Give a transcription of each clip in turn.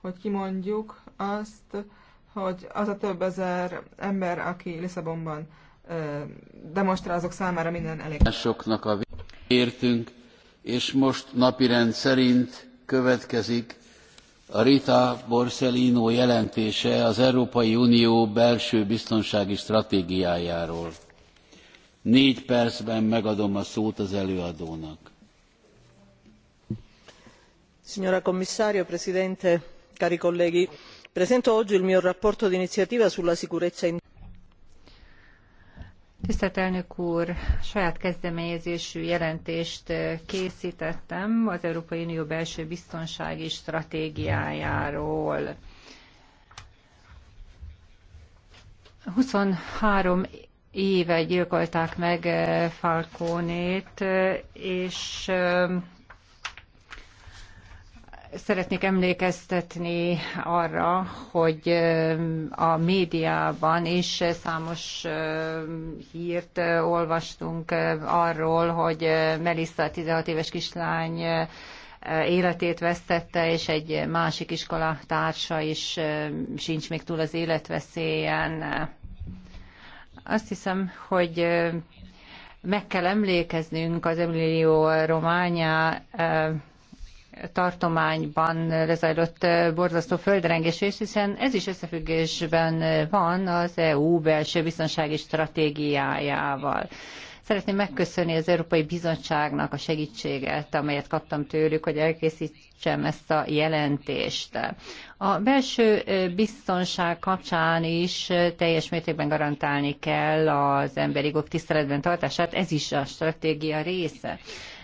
hogy kimondjuk azt, hogy az a több ezer ember, aki Lisszabonban demonstrál, azok számára minden elég. Soknak a értünk, és most napirend szerint következik a Rita Borsellino jelentése az Európai Unió belső biztonsági stratégiájáról. Négy percben megadom a szót az előadónak signora commissario presidente onorevoli colleghi presento oggi la mia relazione d'iniziativa sulla sicurezza. tisztelt elnök úr! saját kezdeményezésű jelentést eh, késztettem az európai unió belső biztonsági stratégiájáról. huszonhárom éve gyilkolták meg eh, falconét eh, és Szeretnék emlékeztetni arra, hogy a médiában is számos hírt olvastunk arról, hogy Melissa 16 éves kislány életét vesztette, és egy másik iskola társa is sincs még túl az életveszélyen. Azt hiszem, hogy meg kell emlékeznünk az Emilio Románia tartományban lezajlott borzasztó földrengés, és hiszen ez is összefüggésben van az EU belső biztonsági stratégiájával. Szeretném megköszönni az Európai Bizottságnak a segítséget, amelyet kaptam tőlük, hogy elkészítsem ezt a jelentést. A belső biztonság kapcsán is teljes mértékben garantálni kell az emberi jogok tiszteletben tartását, ez is a stratégia része.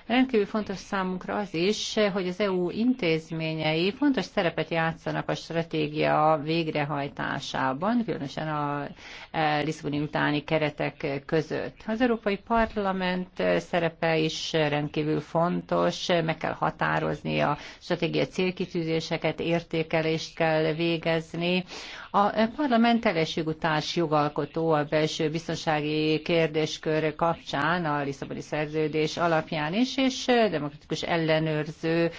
Rendkívül fontos számunkra az is, hogy az EU intézményei fontos szerepet játszanak a stratégia végrehajtásában, különösen a e, Lisszaboni utáni keretek között. Az Európai Parlament szerepe is rendkívül fontos, meg kell határozni a stratégia célkitűzéseket, értékelést kell végezni. A parlament teljes jogutás jogalkotó a belső biztonsági kérdéskör kapcsán, a Lisszaboni szerződés alapján is, is, és demokratikus ellenőrző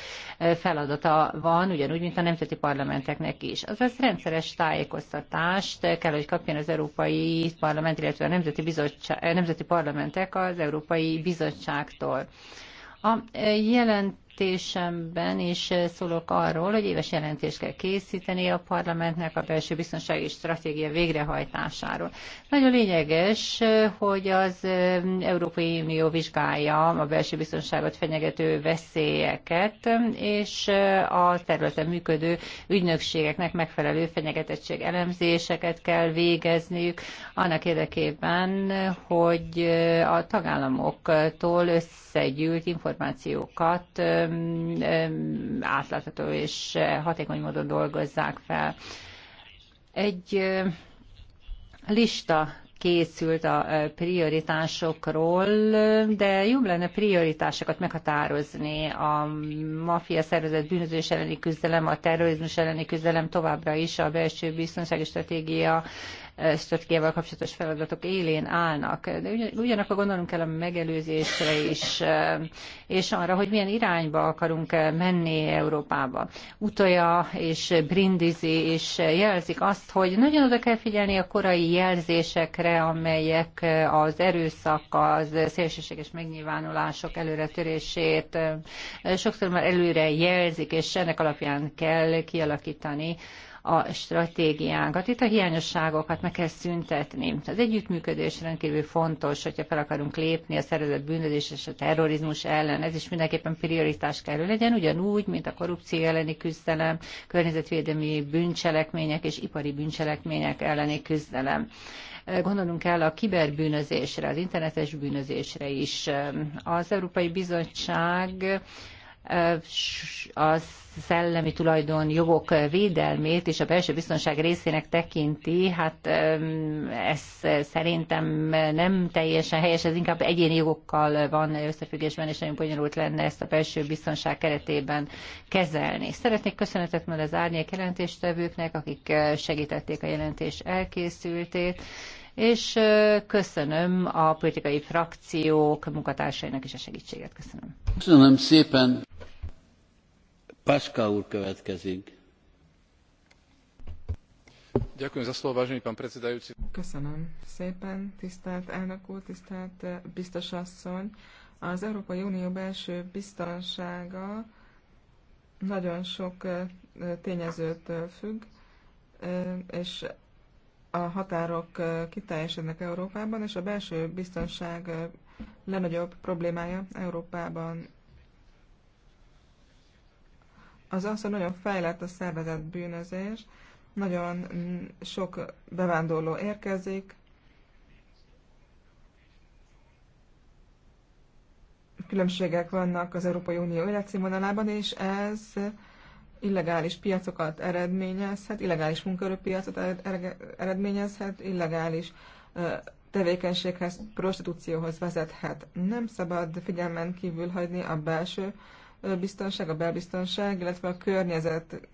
feladata van, ugyanúgy, mint a nemzeti parlamenteknek is. Azaz rendszeres tájékoztatást kell, hogy kapjon az Európai Parlament, illetve a Nemzeti, Bizottság, Nemzeti Parlamentek az Európai Bizottságtól. A jelent jelentésemben is eh, szólok arról, hogy éves jelentést kell készíteni a parlamentnek a belső biztonsági stratégia végrehajtásáról. Nagyon lényeges, eh, hogy az eh, Európai Unió vizsgálja a belső biztonságot fenyegető veszélyeket, és a területen működő ügynökségeknek megfelelő fenyegetettség elemzéseket kell végezniük, annak érdekében, hogy a tagállamoktól összegyűlt információkat átlátható és hatékony módon dolgozzák fel. Egy lista készült a prioritásokról, de jobb lenne prioritásokat meghatározni. A mafia szervezet bűnözés elleni küzdelem, a terrorizmus elleni küzdelem továbbra is a belső biztonsági stratégia stratégiával kapcsolatos feladatok élén állnak. De ugyanakkor gondolunk kell a megelőzésre is, és arra, hogy milyen irányba akarunk menni Európába. Utaja és Brindisi is jelzik azt, hogy nagyon oda kell figyelni a korai jelzésekre, amelyek az erőszak, az szélsőséges megnyilvánulások előretörését sokszor már előre jelzik, és ennek alapján kell kialakítani a stratégiánkat. Itt a hiányosságokat meg kell szüntetni. Az együttműködés rendkívül fontos, hogyha fel akarunk lépni a szervezett bűnözés és a terrorizmus ellen. Ez is mindenképpen prioritás kell, legyen, ugyanúgy, mint a korrupció elleni küzdelem, környezetvédelmi bűncselekmények és ipari bűncselekmények elleni küzdelem Gondolunk kell a kiberbűnözésre, az internetes bűnözésre is. Az Európai Bizottság a szellemi tulajdon jogok védelmét és a belső biztonság részének tekinti, hát ez szerintem nem teljesen helyes, ez inkább egyéni jogokkal van összefüggésben, és nagyon bonyolult lenne ezt a belső biztonság keretében kezelni. Szeretnék köszönetet mondani az árnyék jelentéstevőknek, akik segítették a jelentés elkészültét, és köszönöm a politikai frakciók munkatársainak is a segítséget. Köszönöm. Köszönöm szépen. Paška úr következik. Köszönöm szépen, tisztelt elnök úr, tisztelt eh, biztos asszony. Az Európai Unió belső biztonsága nagyon sok eh, tényezőtől eh, függ, és a határok kiteljesednek Európában, és a belső biztonság legnagyobb problémája Európában az az, hogy nagyon fejlett a szervezett bűnözés, nagyon sok bevándorló érkezik, különbségek vannak az Európai Unió életszínvonalában, és ez illegális piacokat eredményezhet, illegális munkaerőpiacot eredményezhet, illegális tevékenységhez, prostitúcióhoz vezethet. Nem szabad figyelmen kívül hagyni a belső biztonság, a belbiztonság, illetve a környezet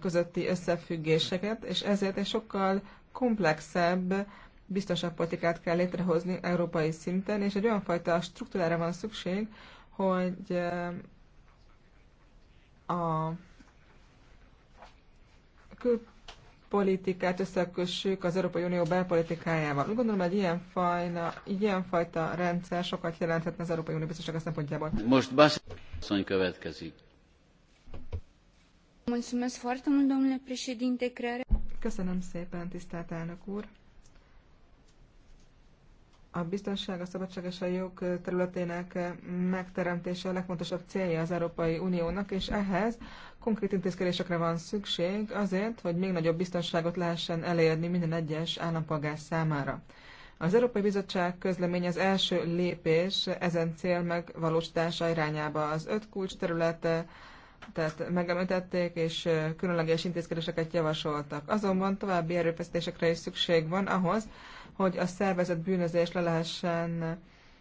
közötti összefüggéseket, és ezért egy sokkal komplexebb biztonságpolitikát kell létrehozni európai szinten, és egy olyan fajta struktúrára van szükség, hogy a kül- politikát összekössük az Európai Unió belpolitikájával. Úgy gondolom, hogy ilyen, fajna, ilyen fajta rendszer sokat jelenthetne az Európai Unió biztonsága szempontjából. Most Basszony következik. Köszönöm szépen, tisztelt elnök úr. A biztonság, a szabadság és a jog területének megteremtése a legfontosabb célja az Európai Uniónak, és ehhez konkrét intézkedésekre van szükség azért, hogy még nagyobb biztonságot lehessen elérni minden egyes állampolgár számára. Az Európai Bizottság közlemény az első lépés ezen cél megvalósítása irányába. Az öt kulcs területe tehát megemlítették, és különleges intézkedéseket javasoltak. Azonban további erőfeszítésekre is szükség van ahhoz, hogy a szervezet bűnözést le lehessen,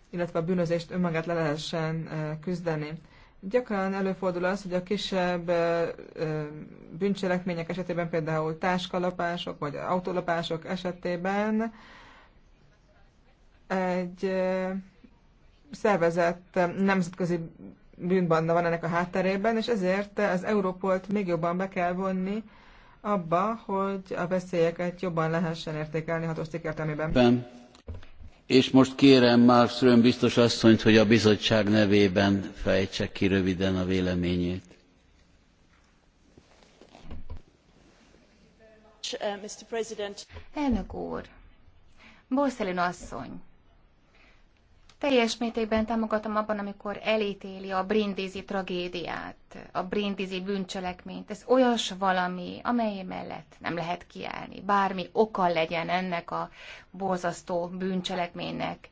illetve a bűnözést önmagát le lehessen küzdeni. Gyakran előfordul az, hogy a kisebb bűncselekmények esetében, például táskalapások vagy autolapások esetében egy szervezett nemzetközi bűnbanda van ennek a hátterében, és ezért az Európolt még jobban be kell vonni abba, hogy a veszélyeket jobban lehessen értékelni hatos cikk értelmében. Ben. És most kérem Malmström biztos asszonyt, hogy a bizottság nevében fejtse ki röviden a véleményét. Uh, Elnök úr, Borszelin asszony, teljes mértékben támogatom abban, amikor elítéli a brindizi tragédiát, a brindizi bűncselekményt. Ez olyas valami, amely mellett nem lehet kiállni. Bármi oka legyen ennek a borzasztó bűncselekménynek.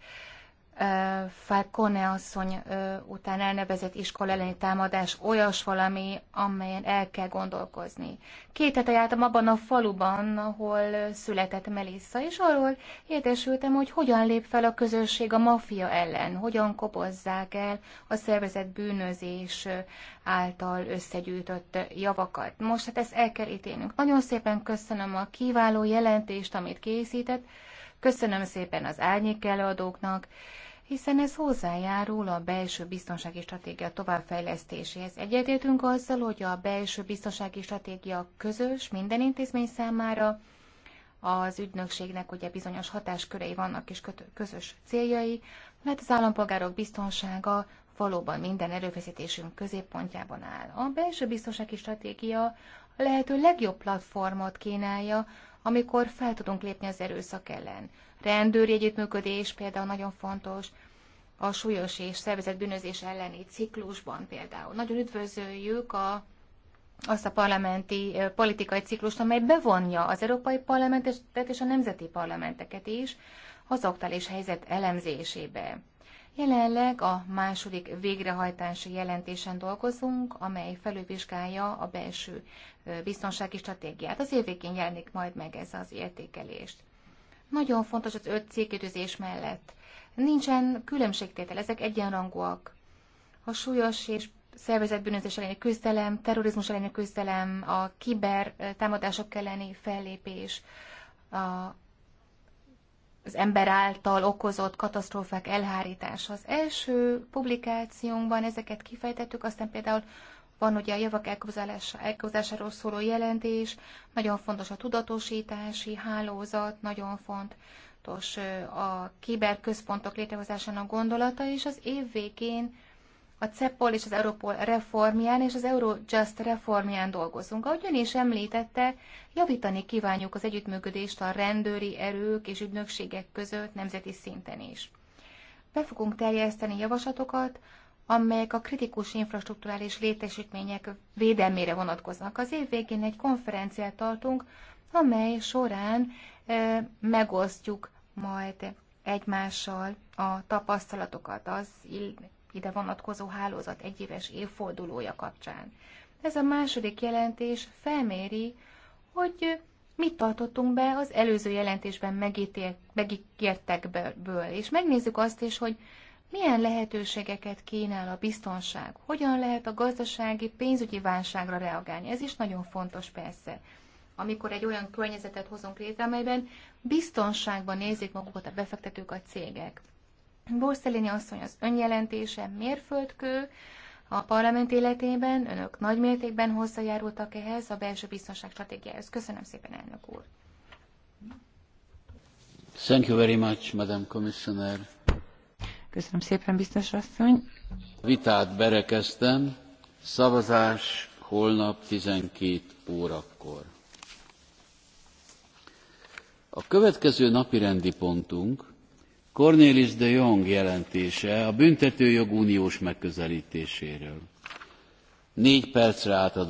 Falcone asszony után elnevezett iskola elleni támadás olyas valami, amelyen el kell gondolkozni. Két hete jártam abban a faluban, ahol született Melissa, és arról értesültem, hogy hogyan lép fel a közösség a maffia ellen, hogyan kopozzák el a szervezet bűnözés által összegyűjtött javakat. Most hát ezt el kell ítélnünk. Nagyon szépen köszönöm a kiváló jelentést, amit készített, köszönöm szépen az árnyék előadóknak, hiszen ez hozzájárul a belső biztonsági stratégia továbbfejlesztéséhez. Egyetértünk azzal, hogy a belső biztonsági stratégia közös minden intézmény számára, az ügynökségnek ugye bizonyos hatáskörei vannak és közös céljai, mert az állampolgárok biztonsága valóban minden erőfeszítésünk középpontjában áll. A belső biztonsági stratégia a lehető legjobb platformot kínálja, amikor fel tudunk lépni az erőszak ellen rendőri együttműködés például nagyon fontos, a súlyos és szervezett bűnözés elleni ciklusban például. Nagyon üdvözöljük a, azt a parlamenti politikai ciklust, amely bevonja az Európai Parlamentet és a nemzeti parlamenteket is az aktuális helyzet elemzésébe. Jelenleg a második végrehajtási jelentésen dolgozunk, amely felülvizsgálja a belső biztonsági stratégiát. Az év végén jelenik majd meg ez az értékelést. Nagyon fontos az öt célkérdőzés mellett. Nincsen különbségtétel, ezek egyenrangúak. A súlyos és szervezetbűnözés elleni küzdelem, terrorizmus elleni küzdelem, a kiber eh, támadások elleni fellépés, a, az ember által okozott katasztrófák elhárítása. Az első publikációnkban ezeket kifejtettük, aztán például van ugye a javak elkozásáról szóló jelentés, nagyon fontos a tudatosítási hálózat, nagyon fontos a kiberközpontok létrehozásának gondolata, és az év végén a CEPOL és az Europol reformján és az Eurojust reformján dolgozunk. Ahogy ön is említette, javítani kívánjuk az együttműködést a rendőri erők és ügynökségek között nemzeti szinten is. Be fogunk terjeszteni javaslatokat amelyek a kritikus infrastruktúrális létesítmények védelmére vonatkoznak. Az év végén egy konferenciát tartunk, amely során e, megosztjuk majd egymással a tapasztalatokat az ide vonatkozó hálózat egyéves évfordulója kapcsán. Ez a második jelentés felméri, hogy mit tartottunk be az előző jelentésben megítélt, megígértekből, és megnézzük azt is, hogy milyen lehetőségeket kínál a biztonság? Hogyan lehet a gazdasági, pénzügyi válságra reagálni? Ez is nagyon fontos persze. Amikor egy olyan környezetet hozunk létre, amelyben biztonságban nézik magukat a befektetők, a cégek. Borszelini asszony az önjelentése mérföldkő, a parlament életében önök nagy mértékben hozzájárultak ehhez a belső biztonság stratégiához. Köszönöm szépen, elnök úr! Thank you very much, Madam Commissioner. Köszönöm szépen, biztos asszony. Vitát berekeztem. Szavazás holnap 12 órakor. A következő napirendi pontunk Cornelis de Jong jelentése a büntetőjog uniós megközelítéséről. Négy percre átadom.